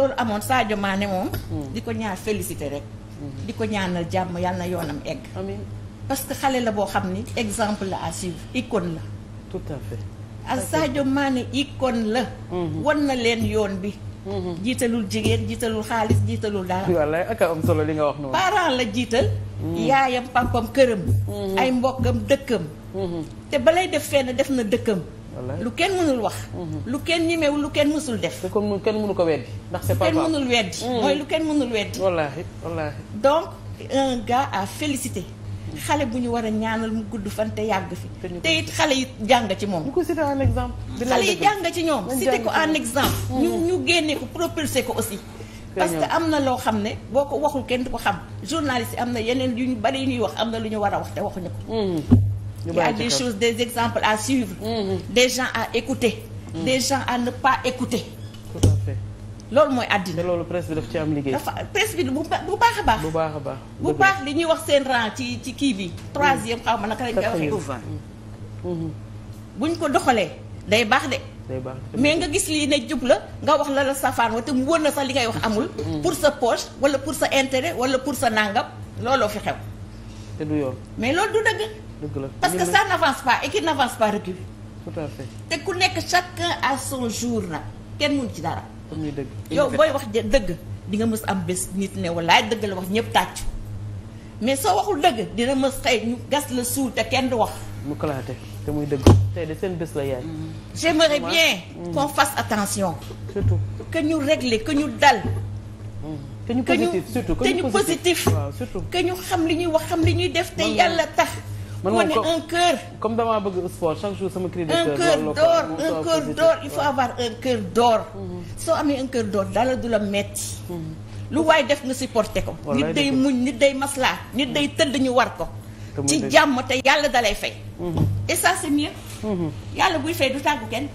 loolu amoon Sadio Mané moom. Mm. di ko ñaar félicité rek. Mm-hmm. di ko ñaanal jàmm yàlla na yoonam egg. amiin que xale la boo xam ni exemple la à suivre icône la. tout à fait. ak Sadio la. Mm-hmm. won na leen yoon bi. Mm-hmm. jiitalul jigéen jiitalul xaalis jiitalul dara. wallaay ak am solo li la jiital. yaayam papam këram. ay mbokkam dëkkam. te balay def fenn def na dëkkam. lu kenn mënul wax. Mhm. lu kenn ñemewul lu kenn mësul def. lu kenn mënu ko weddi ndax c'est pas lu kenn mënul weddi. Mhm. mooy lu kenn mënul weddi. wallaahi wallaahi. donc un gars à xale bu ñu war a ñaanal mu gudd fante yàgg fi. te it xale yi jàng ci moom. ko cité en exemple. xale yi jàng ci ñoom cité ko en exemple. ñu mhm. ñu génne ko propulsé ko aussi. parce am na loo xam ne boo ko waxul kenn du ko xam journaliste am na yeneen yu ñu bari yu ñuy wax am na lu ñu war a wax te waxuñu ko. il y a des des exemples à suivre. Mm, mm. des gens à écouter. Mm. des gens à ne pas écouter. loolu mooy àddina. loolu presse bi daf ci am liggéey. dafa presse bi bu baax a baax. bu baax a bu baax li ñuy wax seen rang ci ci kii bi. troisième xaw ma naka lañ koy waxee. buñ ko doxalee day baax de. mais nga gis lii ne jub la nga wax la la safaan wa te mu na sax li ngay wax amul. pour sa poche wala pour sa intérêt wala pour sa nangam looloo fi xew. te du yoon mais loolu du dëgg. dëgg la parce que ça n'avance pas et qui n'avance pas te ku nekk chacun à son jour na kenn mun ci dara. comme ni dëgg yow booy wax dëgg di nga mës am bés nit ne walaay dëgg la wax ñëpp tàcc. mais soo waxul dëgg dina mës xëy ñu gas la suul te kenn du wax. mu kalaate te muy dëgg. tey de seen bés la yaay. j'aimerais bien. Mm. qu'on fasse attention. surtout que ñu dal. Mm. que ñu positif surtout que ñu ñu xam li ñuy wax xam li ñuy def te yàlla tax. man moom comme un cœur. comme damaa bëgg sport chaque jour sama cri de cœur. un cœur il faut avoir un cœur mm-hmm. soo amee un cœur d'or dala du la metti mm-hmm. lu waaye def nga supporté ko. nit day muñ nit day maslaa nit day tëdd ñu war ko. ci jàmm te yàlla dalay fay. Mm-hmm. et ça c'est mieux. yàlla buy fay du tàggu kenn.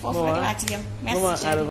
foofu rek laa ci yem. merci